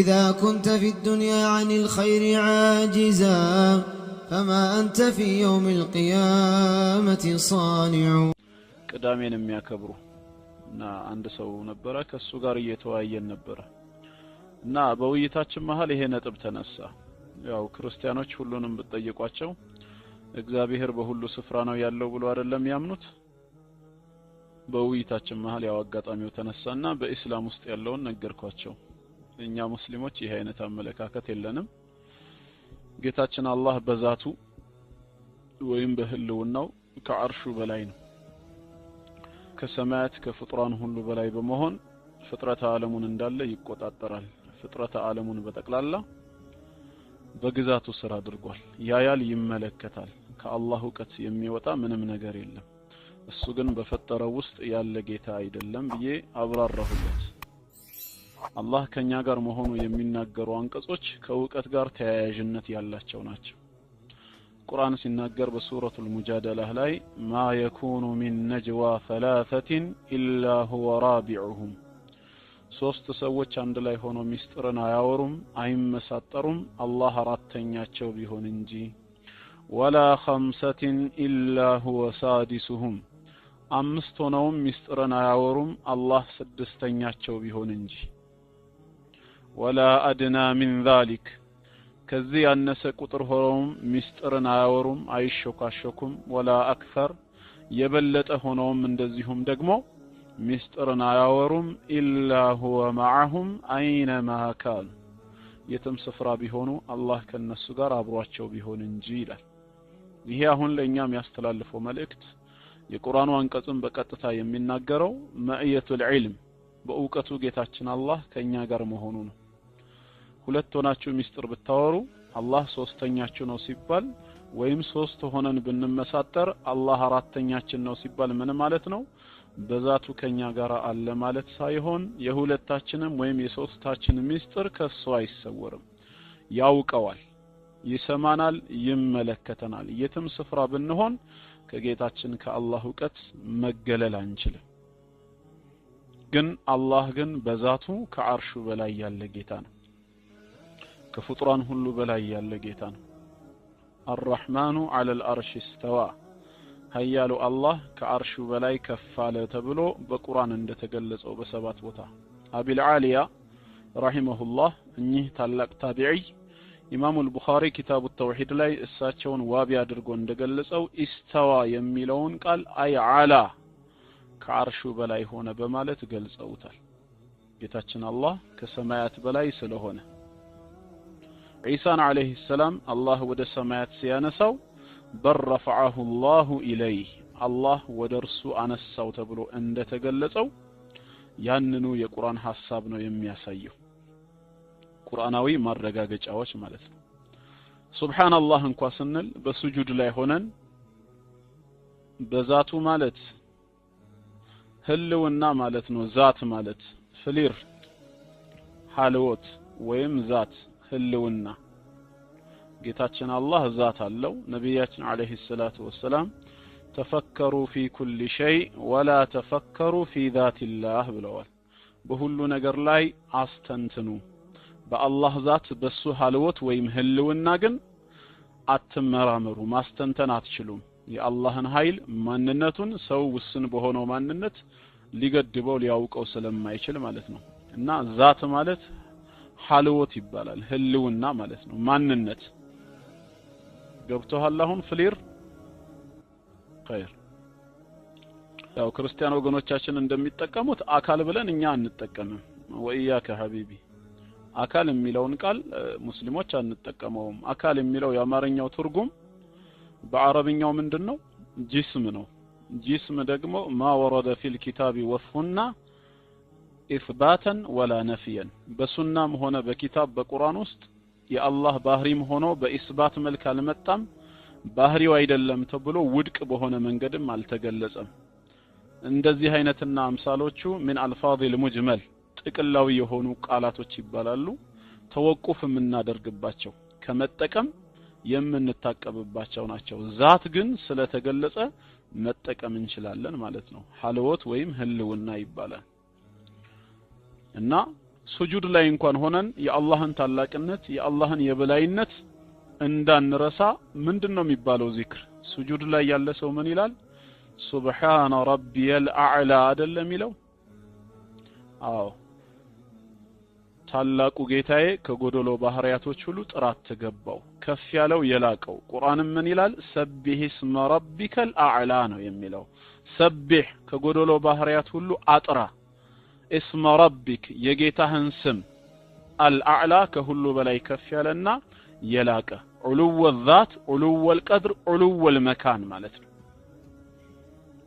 إذا كنت في الدنيا عن الخير عاجزا فما أنت في يوم القيامة صانع كدامين ميا أكبرو نا عند سو نبرا كالسوغار يتوائيين نبرا نا بوي تاچم مهالي هنا تبتنسا ያው ክርስቲያኖች ሁሉንም በጠየቋቸው እግዚአብሔር በሁሉ ስፍራ ነው ያለው ብሎ አይደለም ያምኑት በውይይታችን መሃል ያው አጋጣሚው ተነሳና በእስላም ውስጥ ያለውን كواتشو እኛ ሙስሊሞች ይህ አይነት አመለካከት የለንም። ጌታችን አላህ በዛቱ ወይም በህልውናው ከአርሹ በላይ ነው። ከሰማያት ከፍጡራን ሁሉ በላይ በመሆን ፍጥረተ ዓለሙን እንዳለ ይቆጣጠራል። ፍጥረተ ዓለሙን በጠቅላላ በግዛቱ ስራ አድርጓል። ያያል፣ ይመለከታል። ከአላህ እውቀት የሚወጣ ምንም ነገር የለም። እሱ ግን በፈጠረው ውስጥ ያለ ጌታ አይደለም ብዬ አብራራሁለት። አላህ ከኛ ጋር መሆኑ የሚናገሩ አንቀጾች ከእውቀት ጋር ተያያዥነት ያላቸው ናቸው። ቁርአን ሲናገር በሱረቱል ሙጃደላህ ላይ ማ የኩኑ ሚን ነጅዋ ሰላሰቲን ኢላ ሁወ ራቢዑሁም፣ ሶስት ሰዎች አንድ ላይ ሆነው ሚስጥርን አያወሩም፣ አይመሳጠሩም አላህ አራተኛቸው ቢሆን እንጂ። ወላ ኸምሰቲን ኢላ ሁወ ሳዲሱሁም፣ አምስት ሆነውም ሚስጥርን አያወሩም አላህ ስድስተኛቸው ቢሆን እንጂ ولا أدنى من ذلك كذي أنس هروم مستر ناورم عيش شكاشكم ولا أكثر يبلت يبلتهم من دزهم دقمو مستر ناورم إلا هو معهم أينما كان يتم سفرا بهونو الله كان السجارة بروحشو بهون إنجيلا هي هون لإنيام يستلالف وملكت يقران وانكتم بكتتا يمين ناقرو مأية العلم بأوكتو جيتاتشن الله كان ناقر مهونونو ሁለት ሆናችሁ ሚስጥር ብታወሩ አላህ ሶስተኛችሁ ነው ሲባል ወይም ሶስት ሆነን ብንመሳጠር አላህ አራተኛችን ነው ሲባል ምን ማለት ነው? በዛቱ ከኛ ጋር አለ ማለት ሳይሆን የሁለታችንም ወይም የሶስታችን ሚስጥር ከሱ አይሰወርም። ያውቀዋል፣ ይሰማናል፣ ይመለከተናል። የትም ስፍራ ብንሆን ከጌታችን ከአላህ እውቀት መገለል አንችልም። ግን አላህ ግን በዛቱ ከአርሹ በላይ ያለ ጌታ ነው። كفطران هلو بلاي يالجيتان الرحمن على الأرش استوى هيال الله كأرش بلاي كفالة تبلو بقران اند تقلص او بسبات وتا أبي العالية رحمه الله انيه تعلق تابعي إمام البخاري كتاب التوحيد لاي الساتشون وابيا درقون دقلس أو استوى يميلون قال أي على كعرش بلاي هنا بمالة قلس أو تال الله كسمايات بلاي سلهونه ዒሳን ዓለይህ ሰላም አላህ ወደ ሰማያት ሲያነሳው በል ረፈዓሁ ላሁ ኢለይህ አላህ ወደ እርሱ አነሳው ተብሎ እንደተገለጸው ያንኑ የቁርአን ሀሳብ ነው የሚያሳየው ቁርአናዊ ማረጋገጫዎች ማለት ነው ሱብሓናላህ እንኳ ስንል በስጁድ ላይ ሆነን በዛቱ ማለት ህልውና ማለት ነው ዛት ማለት ፍሊር ሀልወት ወይም ዛት ህልውና ጌታችን አላህ ዛት አለው ነቢያችን አለህ ሰላቱ ወሰላም ተፈከሩ ፊ ኩል ሸይ ወላ ተፈከሩ ፊ ዛትላህ ብለዋል በሁሉ ነገር ላይ አስተንትኑ በአላህ ዛት በሱ ሀልወት ወይም ህልውና ግን አትመራመሩ ማስተንተን አትችሉም የአላህን ኃይል ማንነቱን ሰው ውስን በሆነው ማንነት ሊገድበው ሊያውቀው ስለማይችል ማለት ነው እና ዛት ማለት ሀልወት ይባላል ህልውና ማለት ነው ማንነት ገብቶሃል አሁን ፍሊር ኸይር ያው ክርስቲያን ወገኖቻችን እንደሚጠቀሙት አካል ብለን እኛ አንጠቀምም ወኢያከ ሀቢቢ አካል የሚለውን ቃል ሙስሊሞች አንጠቀመውም አካል የሚለው የአማርኛው ትርጉም በአረብኛው ምንድን ነው ጂስም ነው ጂስም ደግሞ ማ ወረደ ፊል ኪታቢ ወስፉና ኢስባተን ወላ ነፍየን በሱናም ሆነ በኪታብ በቁርአን ውስጥ የአላህ ባህሪም ሆኖ በኢስባት መልክ አልመጣም ባህሪው አይደለም ተብሎ ውድቅ በሆነ መንገድም አልተገለጸም እንደዚህ አይነትና አምሳሎቹ ምን አልፋዚል ሙጅመል ጥቅላዊ የሆኑ ቃላቶች ይባላሉ ተወቁፍ የምናደርግባቸው ከመጠቀም የምንታቀብባቸው ናቸው ዛት ግን ስለተገለጸ መጠቀም እንችላለን ማለት ነው ሀልወት ወይም ህልውና ይባላል እና ሱጁድ ላይ እንኳን ሆነን የአላህን ታላቅነት የአላህን የበላይነት እንዳንረሳ ምንድን ነው የሚባለው ዚክር ሱጁድ ላይ ያለ ሰው ምን ይላል ሱብሓነ ረቢየል አዕላ አይደለም የሚለው አዎ ታላቁ ጌታዬ ከጎደሎ ባህሪያቶች ሁሉ ጥራት ተገባው ከፍ ያለው የላቀው ቁርአንም ምን ይላል ሰቢህ እስመ ረቢከል አዕላ ነው የሚለው ሰቢህ ከጎደሎ ባህሪያት ሁሉ አጥራ እስመ ረቢክ የጌታህን ስም አልአዕላ ከሁሉ በላይ ከፍ ያለና የላቀ ዑሉወ ዛት ዑሉወ ልቀድር ዑሉወ ልመካን ማለት ነው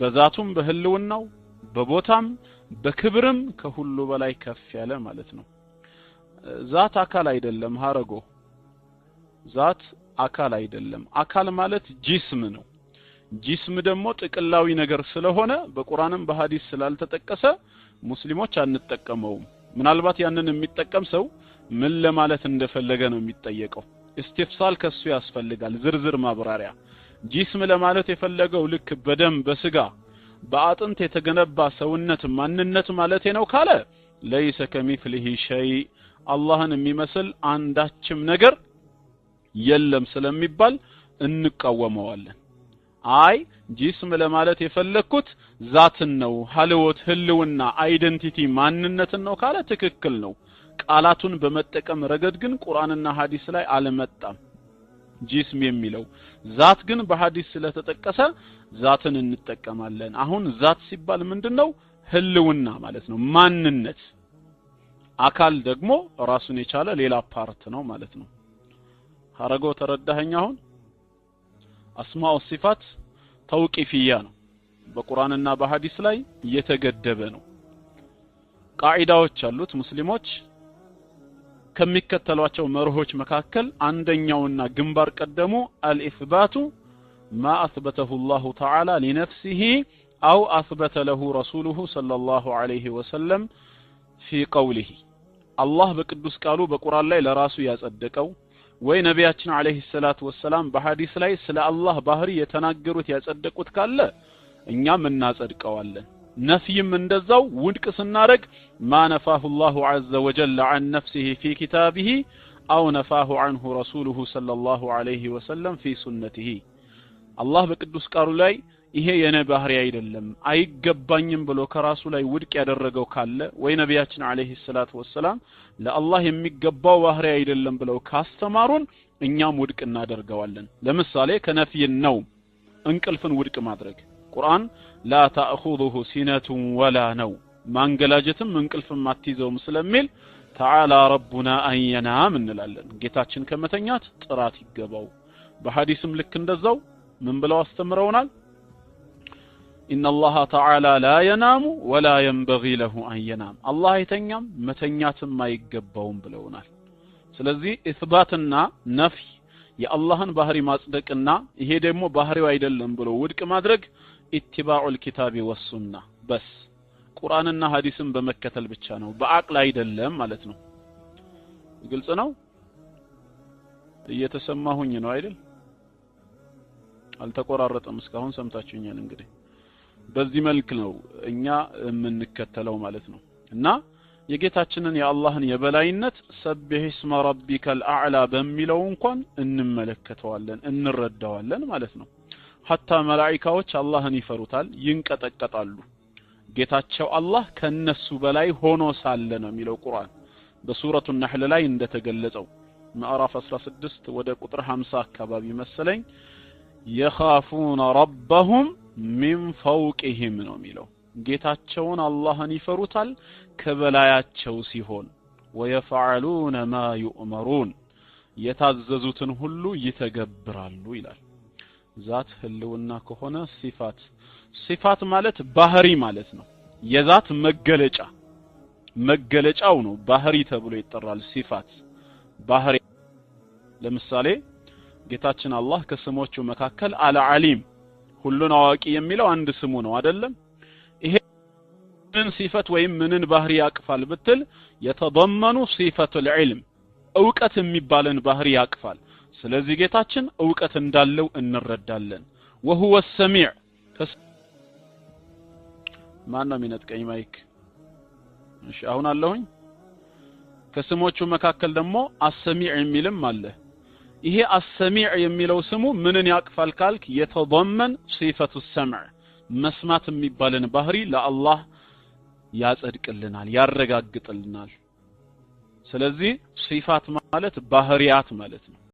በዛቱም በህልውናው በቦታም በክብርም ከሁሉ በላይ ከፍ ያለ ማለት ነው ዛት አካል አይደለም ሀረጎ ዛት አካል አይደለም አካል ማለት ጂስም ነው ጂስም ደግሞ ጥቅላዊ ነገር ስለሆነ በቁርአንም በሀዲስ ስላልተጠቀሰ ሙስሊሞች አንጠቀመውም ምናልባት ያንን የሚጠቀም ሰው ምን ለማለት እንደፈለገ ነው የሚጠየቀው እስቲፍሳል ከሱ ያስፈልጋል ዝርዝር ማብራሪያ ጂስም ለማለት የፈለገው ልክ በደም በስጋ በአጥንት የተገነባ ሰውነት ማንነት ማለቴ ነው ካለ ለይሰ ከሚፍልህ ሸይ አላህን የሚመስል አንዳችም ነገር የለም ስለሚባል እንቃወመዋለን አይ ጂስም ለማለት የፈለግኩት ዛትን ነው ሀልወት ህልውና አይደንቲቲ ማንነትን ነው ካለ ትክክል ነው ቃላቱን በመጠቀም ረገድ ግን ቁርአንና ሀዲስ ላይ አልመጣም ጂስም የሚለው ዛት ግን በሀዲስ ስለተጠቀሰ ዛትን እንጠቀማለን አሁን ዛት ሲባል ምንድነው ህልውና ማለት ነው ማንነት አካል ደግሞ ራሱን የቻለ ሌላ ፓርት ነው ማለት ነው ሀረጎ ተረዳኸኝ አሁን አስማው ሲፋት ተውቂፍያ ነው። በቁርአንና በሐዲስ ላይ የተገደበ ነው። ቃዒዳዎች አሉት። ሙስሊሞች ከሚከተሏቸው መርሆች መካከል አንደኛውና ግንባር ቀደሙ አልኢስባቱ ማ አስበተሁ አላሁ ተዓላ ሊነፍሲሂ አው አስበተ ለሁ ረሱሉሁ ሰለላሁ ዐለይሂ ወሰለም ፊ ቀውሊሂ አላህ በቅዱስ ቃሉ በቁርአን ላይ ለራሱ ያጸደቀው وي نبي عليه الصلاة والسلام بحديث سلاي سلا الله بحري يتناقر وثي أصدق وتكال إنيا من ناصر قوال نفي من دزاو ونكس النارك ما نفاه الله عز وجل عن نفسه في كتابه أو نفاه عنه رسوله صلى الله عليه وسلم في سنته الله بقدس كارولاي ይሄ የኔ ባህሪ አይደለም አይገባኝም ብሎ ከራሱ ላይ ውድቅ ያደረገው ካለ ወይ ነቢያችን አለይሂ ሰላቱ ወሰላም ለአላህ የሚገባው ባህሪ አይደለም ብለው ካስተማሩን እኛም ውድቅ እናደርገዋለን ለምሳሌ ከነፊይ ነው እንቅልፍን ውድቅ ማድረግ ቁርአን ላ ተእኹዙሁ ሲነቱን ወላ ነው ማንገላጀትም እንቅልፍም አትይዘውም ስለሚል ተዓላ ረቡና አንየናም እንላለን ጌታችን ከመተኛት ጥራት ይገባው በሐዲስም ልክ እንደዛው ምን ብለው አስተምረውናል إن الله تعالى لا ينام ولا ينبغي له أن ينام الله يتنام متنيات ما يقبون بلونال ስለዚህ ኢስባትና ነፍይ የአላህን ባህሪ ማጽደቅና ይሄ ደግሞ ባህሪው አይደለም ብሎ ውድቅ ማድረግ ኢትባዑል ኪታቢ ወሱና በስ ቁርአንና ሀዲስን በመከተል ብቻ ነው በአቅል አይደለም ማለት ነው ግልጽ ነው እየተሰማሁኝ ነው አይደል አልተቆራረጠም እስካሁን ሰምታችሁኛል እንግዲህ በዚህ መልክ ነው እኛ የምንከተለው ማለት ነው እና የጌታችንን የአላህን የበላይነት ሰቢሕ ስመ ረቢከ ልአዕላ በሚለው እንኳን እንመለከተዋለን እንረዳዋለን ማለት ነው ሐታ መላይካዎች አላህን ይፈሩታል ይንቀጠቀጣሉ ጌታቸው አላህ ከነሱ በላይ ሆኖ ሳለ ነው የሚለው ቁርአን በሱረቱ ነህል ላይ እንደተገለጸው ምዕራፍ 16 ወደ ቁጥር 50 አካባቢ መሰለኝ የኻፉነ ረበሁም ሚን ፈውቅህም ነው የሚለው ጌታቸውን አላህን ይፈሩታል ከበላያቸው ሲሆን ወየፈዓሉነ ማ ዩእመሩን የታዘዙትን ሁሉ ይተገብራሉ ይላል ዛት ህልውና ከሆነ ሲፋት ሲፋት ማለት ባህሪ ማለት ነው የዛት መገለጫ መገለጫው ነው ባህሪ ተብሎ ይጠራል ሲፋት ባህሪ ለምሳሌ ጌታችን አላህ ከስሞቹ መካከል አልዓሊም ሁሉን አዋቂ የሚለው አንድ ስሙ ነው አይደለም ይሄ ምን ሲፈት ወይም ምንን ባህሪ ያቅፋል ብትል የተضمኑ ሲፈቱ العلم እውቀት የሚባልን ባህሪ ያቅፋል ስለዚህ ጌታችን እውቀት እንዳለው እንረዳለን وهو السميع ማን ነው የሚነጥቀኝ ማይክ እሺ አሁን አለሁኝ ከስሞቹ መካከል ደግሞ አሰሚዕ የሚልም አለ ይሄ አሰሚዕ የሚለው ስሙ ምንን ያቅፋል ካልክ የተضመን ሲፈቱ ሰምዕ መስማት የሚባልን ባህሪ ለአላህ ያጸድቅልናል ያረጋግጥልናል ስለዚህ ሲፋት ማለት ባህሪያት ማለት ነው